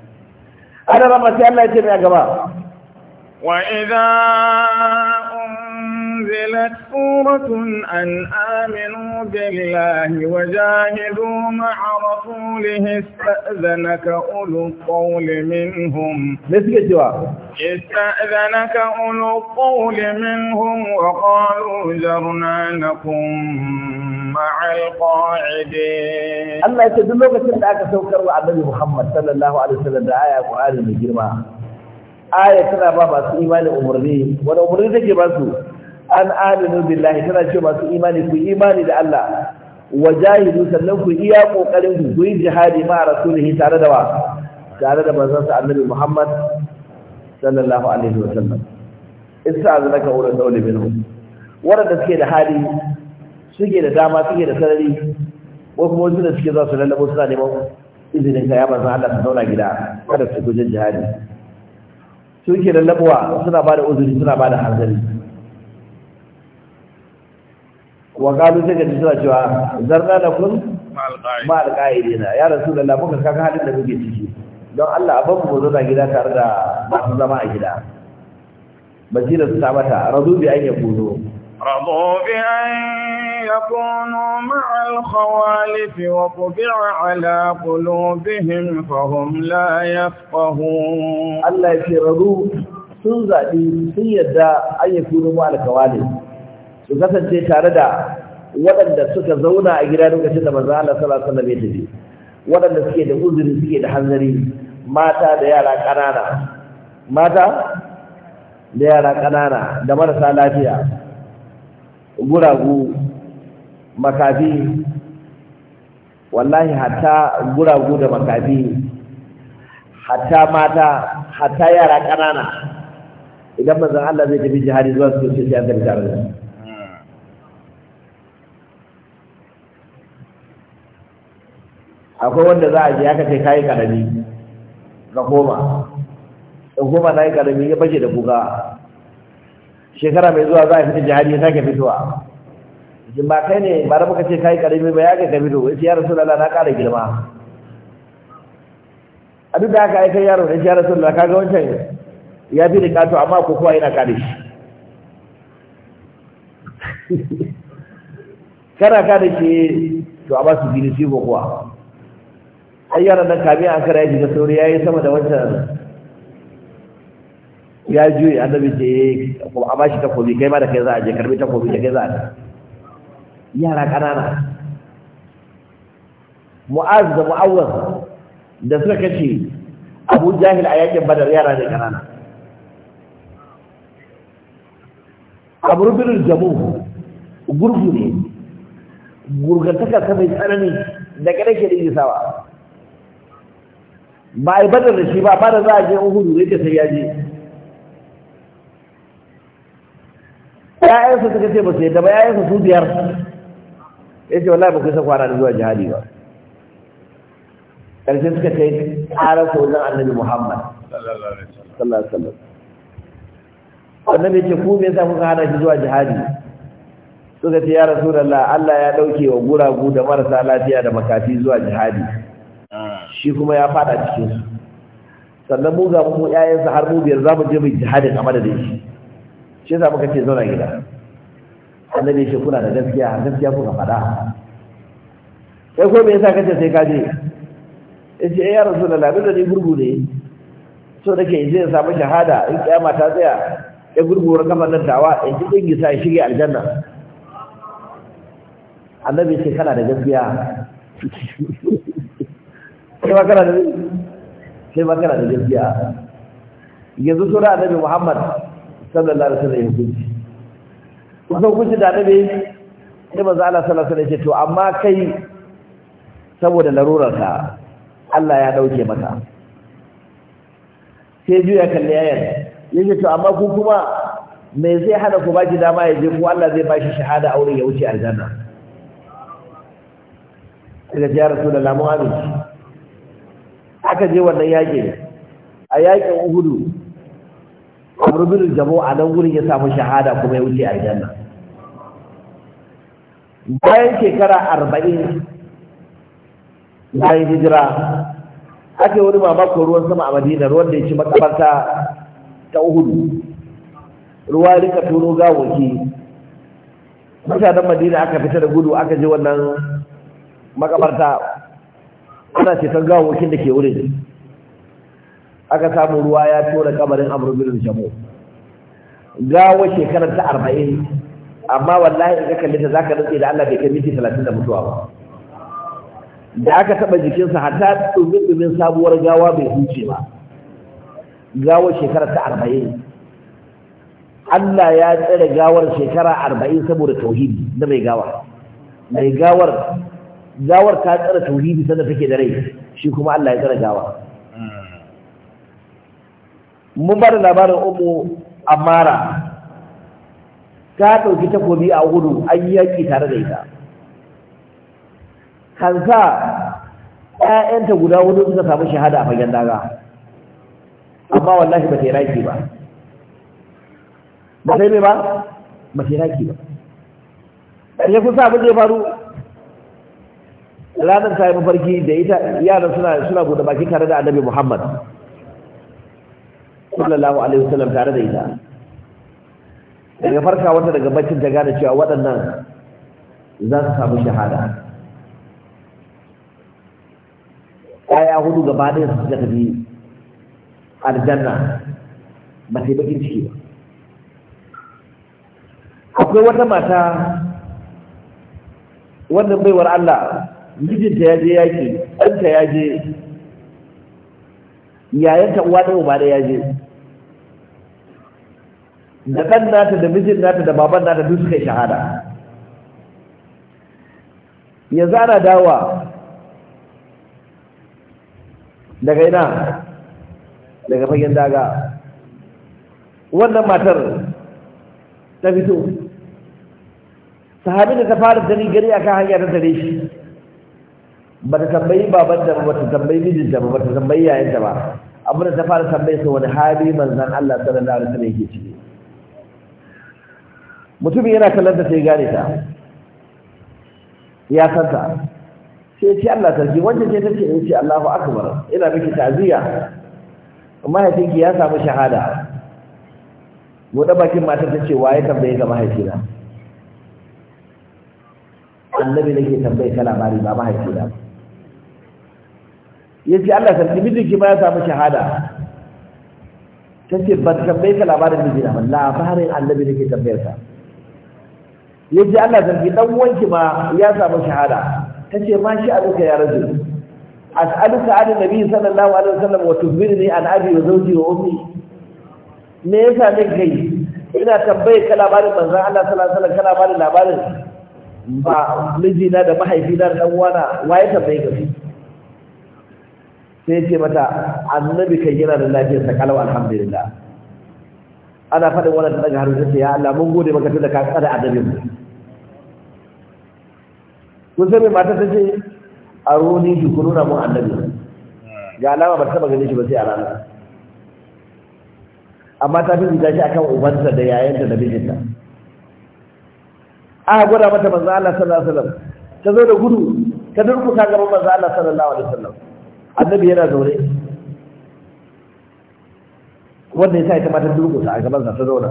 ana rama sai Allah ya ce mai gaba wa idan أنزلت سورة أن آمنوا بالله وجاهدوا مع رسوله استأذنك أولو القول منهم استأذنك أولو القول منهم وقالوا جرنا لكم مع القاعدين أما يتدلوك سنة سوكر وعبد محمد صلى الله عليه وسلم دعايا وعالم من آية تنا بابا سيمان أمرني imanin أمرني wani umarni an aminu billahi tana ce masu imani ku imani da Allah wa jahidu sannan ku iya kokarin ku ku yi jihadi ma rasulihi tare da wa tare da manzon sa annabi Muhammad sallallahu alaihi wa sallam ista'azanaka ulul dawli minhum wanda suke da hali suke da dama suke da sarari ko kuma wasu da suke za su lallabo suna neman izinin ka ya manzon Allah ka zauna gida kada su gujin jihadi suke lallabuwa suna ba da uzuri suna ba da hanzari wa kalu sai ka ji suna cewa zarna da kun ma alƙa'idi na ya rasu da lamuka kaga halin da muke ciki don Allah abin mu zo na gida tare da masu zama a gida basira su tabata razu bi an ya kuno razu bi an ya kuno ma'al khawalif wa qubi'a ala qulubihim fa hum la yafqahun Allah ya ce sun zaɓi sun yadda an ya kuno ma'al khawalif su kasance tare da waɗanda suka zauna a gida lokacin da manzo Allah sallallahu alaihi wasallam ya tafi waɗanda suke da uzuri suke da hanzari mata da yara ƙanana mata da yara ƙanana da marasa lafiya guragu makafi wallahi hatta guragu da makafi hatta mata hatta yara ƙanana idan manzon Allah zai tafi jihadi zuwa su ce sai an tafi tare da su akwai wanda za a je aka ce kayi karami ga koma in koma na yi karami ya fashe da kuka shekara mai zuwa za a fita jihadi ya sake fitowa jin ba kai ne ba da muka ce kayi karami ba ya ga ka fito ya ce ya rasu lalla na girma a duk da aka aikar yaro ne ya rasu lalla kaga wancan ya fi da kato amma ko kowa yana kare shi kana kare shi to a ba su gini shi ko kowa ayyaran nan kamin an kara yaji da sauri ya yi sama da wancan ya juye annabi ce eh, a ba shi takobi kai ma da kai za a je karbi takobi da kai za a yara ƙanana mu'az da mu'awwaz da suka kace abu jahil a yakin badar yara ne ƙanana abu rubin jamu gurgu ne gurgantakar ta mai tsanani daga ke da isawa ba a yi badar da shi ba ba da za a je uhudu zai ta sai ya je ƴaƴansa suka ce ba su yadda ba ƴaƴansa su biyar ya ce wallahi ba kai sakwa kwana da zuwa jihadi ba ƙarshen suka ce ƙarar sojan annabi muhammad sallallahu alaihi wasallam annabi ce ku me yasa kuka hana shi zuwa jihadi suka ce ya rasulullah Allah ya dauke wa guragu da marasa lafiya da makafi zuwa jihadi shi kuma ya fada cikin su sannan mu ga mu sa har mu biyar zamu je mu jihadin a madadin shi shi yasa muka ce zauna gida annabi shi kuna da gaskiya gaskiya kuka fada sai ko me yasa kace sai ka je ce eh, ya rasulullahi bin da ni gurgu ne so nake in zai samu shahada in kiyama ta tsaya ya gurguwar kamar nan dawa in ji dingi sa shige aljanna annabi ce kana da gaskiya Sai ma da kai ma da gaskiya yanzu sura annabi Muhammad sallallahu alaihi wasallam ya hukunci kusan hukunci da annabi sai manzo Allah sallallahu alaihi wasallam ya ce to amma kai saboda larurarka Allah ya dauke maka sai juya kalli ayar yace to amma ku kuma me zai hana ku baki dama ya je ko Allah zai bashi shahada aure ya wuce aljanna kaga ya rasulullahi mu amince aka je wannan yaƙi a yaƙin uhudu rubin jamo a nan wurin ya samu shahada kuma ya wuce aljanna bayan shekara arba'in bayan hijira ake wani mamakon ruwan sama a madina ruwan da ya ci makabarta ta uhudu ruwa rika turo gawaki mutanen madina aka fita da gudu aka je wannan makabarta ana ce san gawokin da ke wurin aka samu ruwa ya tura kabarin amr bin jamu gawo shekarar ta arba'in amma wallahi in ka kalli ta zaka rantse da Allah bai kai miti talatin da mutuwa ba da aka taba jikinsa hatta dumin dumin sabuwar gawa bai huce ba gawo shekarar ta arba'in Allah ya tsare gawar shekara arba'in saboda tauhidi na mai gawa. mai gawar gawar ta tsara tauhidi sanda take da rai shi kuma Allah ya tsara gawa mun ba da labarin umu amara ta ɗauki takobi a gudu an yi yaki tare da ita kansa ‘ya'yanta guda hudu suka samu shahada a fagen daga amma wallahi ba ta yi raki ba ba sai mai ba ba ta yi raki ba ya kusa abin da ya faru ranar ta yi mafarki da ita yaran suna suna bude baki tare da annabi muhammad sallallahu alaihi wasallam tare da ita daga farka wata daga baccin ta gane cewa waɗannan za su samu shahada aya hudu gaba ɗaya su suka tafi aljanna ba sai bakin ciki ba akwai wata mata wannan baiwar Allah mijinta ya je yaki ɗanta ya je ta uwa ɗaya uba ɗaya ya je da ɗan nata da mijin nata da baban nata duk suka shahada Ya zana dawa daga ina daga fagen daga wannan matar ta fito sahabin da ta fara gani gari a kan hanya ta tare shi ba ta tambayi baban da ba ta tambayi mijin da ba ta tambayi yayin da ba abin da ta fara tambayi sa wani hali manzon Allah sallallahu alaihi wasallam yake ciki mutum yana kallon ta sai gane ta ya san ta sai ce Allah sarki wanda ce tace in ce Allahu akbar ina miki ta'ziya mahaifinki ya samu shahada buɗe bakin matar ta ce waye tambaye ga mahaifina annabi nake tambaye ka labari ba mahaifina ba ya ce Allah sarki mijin ki ma ya samu shahada ta ce ba tambaye ka labarin mijina ba labarin annabi nake tambayar ka ya ce Allah sarki dan wanki ma ya samu shahada ta ce ma shi abuka ya rajul as'aluka an nabi sallallahu alaihi wasallam wa tubirni an abi wa zawji wa ummi me yasa ne kai ina tambaye ka labarin manzon Allah sallallahu alaihi wasallam kana bani labarin ba mijina da mahaifina da dan uwana waye tambaye ka sai ce mata annabi kai yana da lafiyar sa kalau alhamdulillah ana faɗin wannan da daga harin sai ya Allah mun gode maka tunda ka tsada annabin mu kun san me mata ta ce aroni ki mu annabi ga alama ba ta ba ganin shi ba sai a ranar amma ta fi shi akan ubansa da yayanta da jinta. aka gwada mata manzo Allah sallallahu alaihi wasallam ta zo da gudu ta durkuta gaban manzo Allah sallallahu alaihi wasallam annabi yana zaune wanda ya sa ita matan durƙusa a gaban sa ta zauna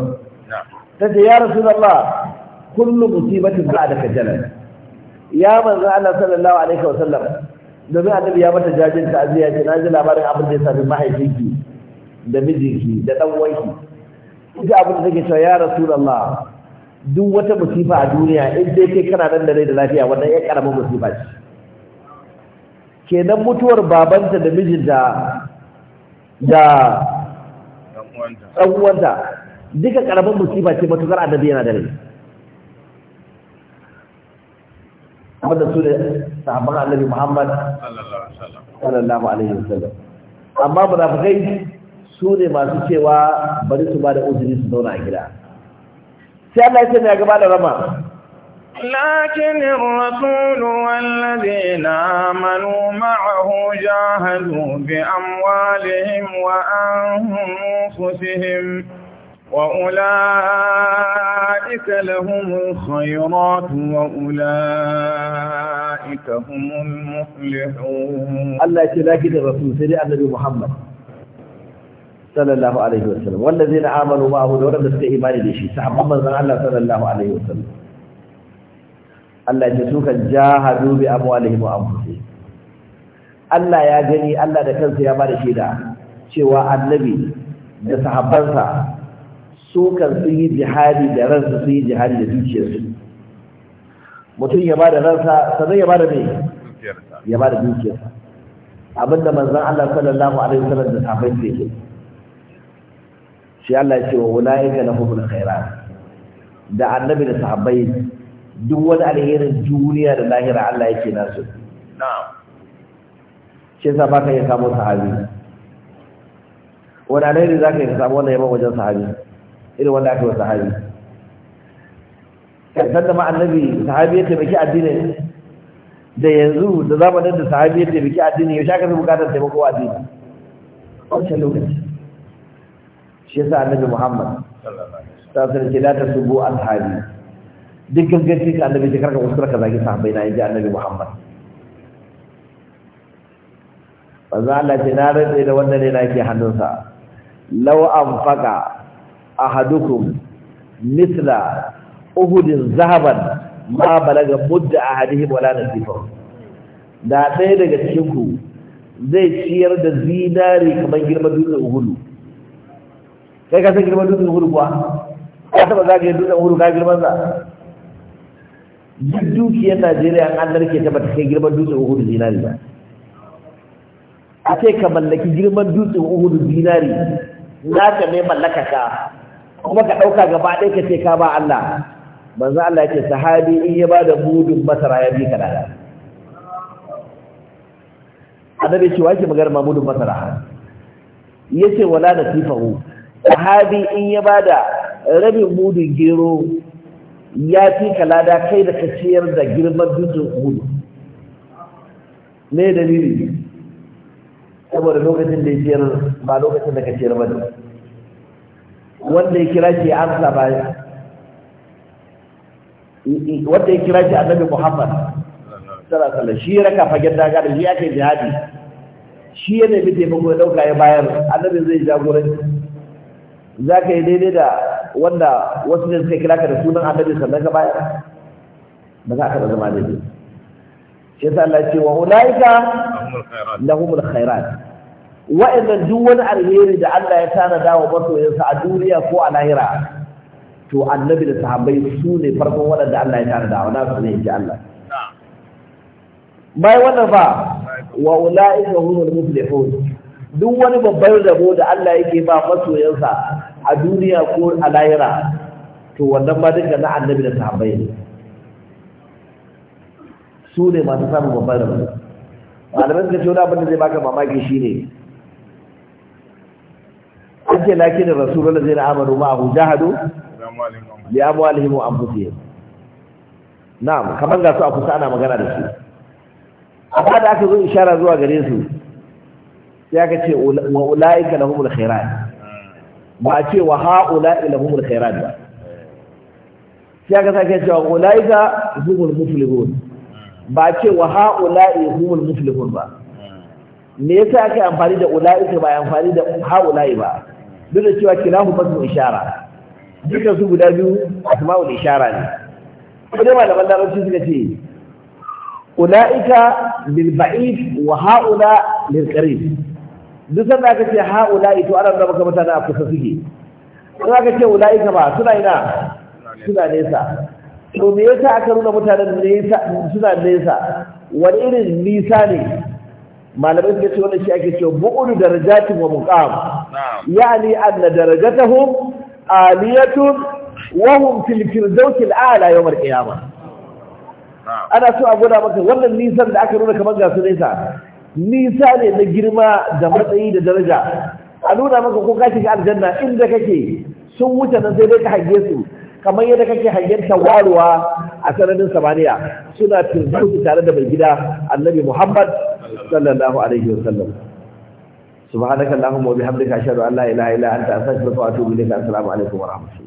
ta ce ya rasu Allah kullum musibatin ba da kajalar ya manzan Allah sallallahu alaihi Sallam, domin annabi ya mata jajin aziya ce na ji labarin abin da ya sami mahaifinki da mijinki da ɗanwanki, ita abin da take cewa ya rasu Allah duk wata musifa a duniya in dai kai kana nan da rai da lafiya wannan ya karamin musifa ce kenan mutuwar babanta da mijinta da ɗan'uwanta duka ƙaramin musifa ce matukar adabi yana da rai wanda su da sahabban annabi Muhammad sallallahu alaihi wasallam amma munafikai su ne masu cewa bari su ba da uzuri su zauna a gida sai Allah ya ce ya gaba da rama لكن الرسول والذين آمنوا معه جاهدوا بأموالهم وأنفسهم وأولئك لهم الخيرات وأولئك هم المفلحون الله تلاقي الرسول سيدي النبي محمد صلى الله عليه وسلم والذين آمنوا معه دورا بسك إيمان لشيء سعب محمد صلى الله عليه وسلم Allah ya suka jahadu bi amwalihim wa anfusihim Allah ya gani Allah da kansa ya bada shaida cewa annabi da sahabbansa su kan su yi jihadi da ransu su yi jihadi da dukiyarsu mutum ya bada ransa sannan ya bada mai ya bada dukiyarsa abinda manzon Allah sallallahu alaihi wasallam da sahabbai ke shi Allah ya ce wa ulaika lahumul khairat da annabi da sahabbai duk wani alherin duniya da lahira Allah yake nasu na'am shi yasa baka iya samu sahabi wani alheri zaka iya samu wannan yaban wajen sahabi irin wanda aka wa sahabi kan da ma annabi sahabi ya taimaki addini da yanzu da zamanin da sahabi ya taimaki addini yaushe aka fi bukatar taimako addini wancan lokaci shi yasa annabi Muhammad sallallahu alaihi wasallam ta sanar ce la duk ganganci ka annabi ce karka kuskura ka zagi sahabbai na yaji annabi Muhammad manzo Allah ce na rantsa da wanda ne nake hannunsa law anfaqa ahadukum mithla uhudin zahaban ma balaga mudda ahadihim wala nasifahu da ɗaya daga cikin ku zai ciyar da zinari kamar girman dutsen uhudu kai ka san girman dutsen uhudu kuwa ka taba za ka yi dutsen uhudu ka girman sa duk dukiyar najeriya an narke ta bata kai girman dutsen uhudu zinari ba a ce ka mallaki girman dutsen uhudu zinari naka mai mallaka ka kuma ka ɗauka gaba ɗaya ka ce ka ba Allah manzo Allah ya ce sahabi in ya ba da mudun masara ya bi ka da annabi ce wake magana mudun masara Ya ce wala nasifahu sahabi in ya ba da rabin mudun gero ya fi kalada kai da ka ciyar da girman dutsen uhudu me dalili saboda lokacin da ya ciyar ba lokacin da ka ciyar ba ne wanda ya kira shi amsa ba wanda ya kira shi annabi muhammad sarasala shi shi raka fagen daga da shi ya kai jihadi shi ya nemi taimako ya dauka ya bayar annabi zai jagoranci za ka yi daidai da wanda wasu ne suka kira ka da sunan annabi sannan ka bayar ba za ka taɓa zama da shi shi yasa Allah ce wa ulaika lahumul khairat wa'annan duk wani alheri da Allah ya tanada wa masoyansa a duniya ko a lahira to annabi da sahabbai su ne farkon waɗanda Allah ya tanada wa nasu ne ji Allah bayan wannan ba wa ulaika humul muflihun duk wani babban rabo da Allah yake ba masoyansa a duniya ko a lahira to wannan ba duka na annabi da sahabbai su ne masu samun babban rabu malamai da ce abinda da zai baka mamaki shine an ce lakin rasulullah zai na amaru ma abu jahadu li amwalihim an anfusihim na'am kamar ga su a kusa ana magana da su A da aka zo ishara zuwa gare su ya ka ce wa ulaika lahumul khairat ba a ce wa ha'ula ilahumul khairat ba sai aka sake cewa ulaika humul muflihun ba a ce wa ha'ula humul muflihun ba me yasa aka yi amfani da ulaika ba amfani da ha'ula ba duk da cewa kilahu fasu ishara duka su guda biyu asma'ul ishara ne kuma malaman larabci suka ce ulaika lil ba'id wa ha'ula lil qarib duk sanda aka ce ha'ula'i to ana nuna maka mutane a kusa suke in aka ce ula'ika ba suna ina suna nesa to me yasa aka nuna mutanen nesa suna nesa wani irin nisa ne malamai suka ce wani shi ake cewa bu'udu darajatin wa muqam yani anna darajatahum aliyatun wa hum fil firdausil a'la yawm al-qiyamah ana so a gwada maka wannan nisan da aka nuna kamar ga su nesa nisa ne na girma da matsayi da daraja a nuna maka ko ka shiga aljanna inda kake sun wuce nan sai dai ka hange su kamar yadda kake hangen tawaruwa a sanadin samaniya suna tunzuki tare da mai gida annabi muhammad sallallahu alaihi wa sallam سبحانك اللهم وبحمدك اشهد ان لا اله الا انت استغفرك واتوب اليك السلام عليكم ورحمه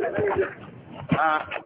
الله السلام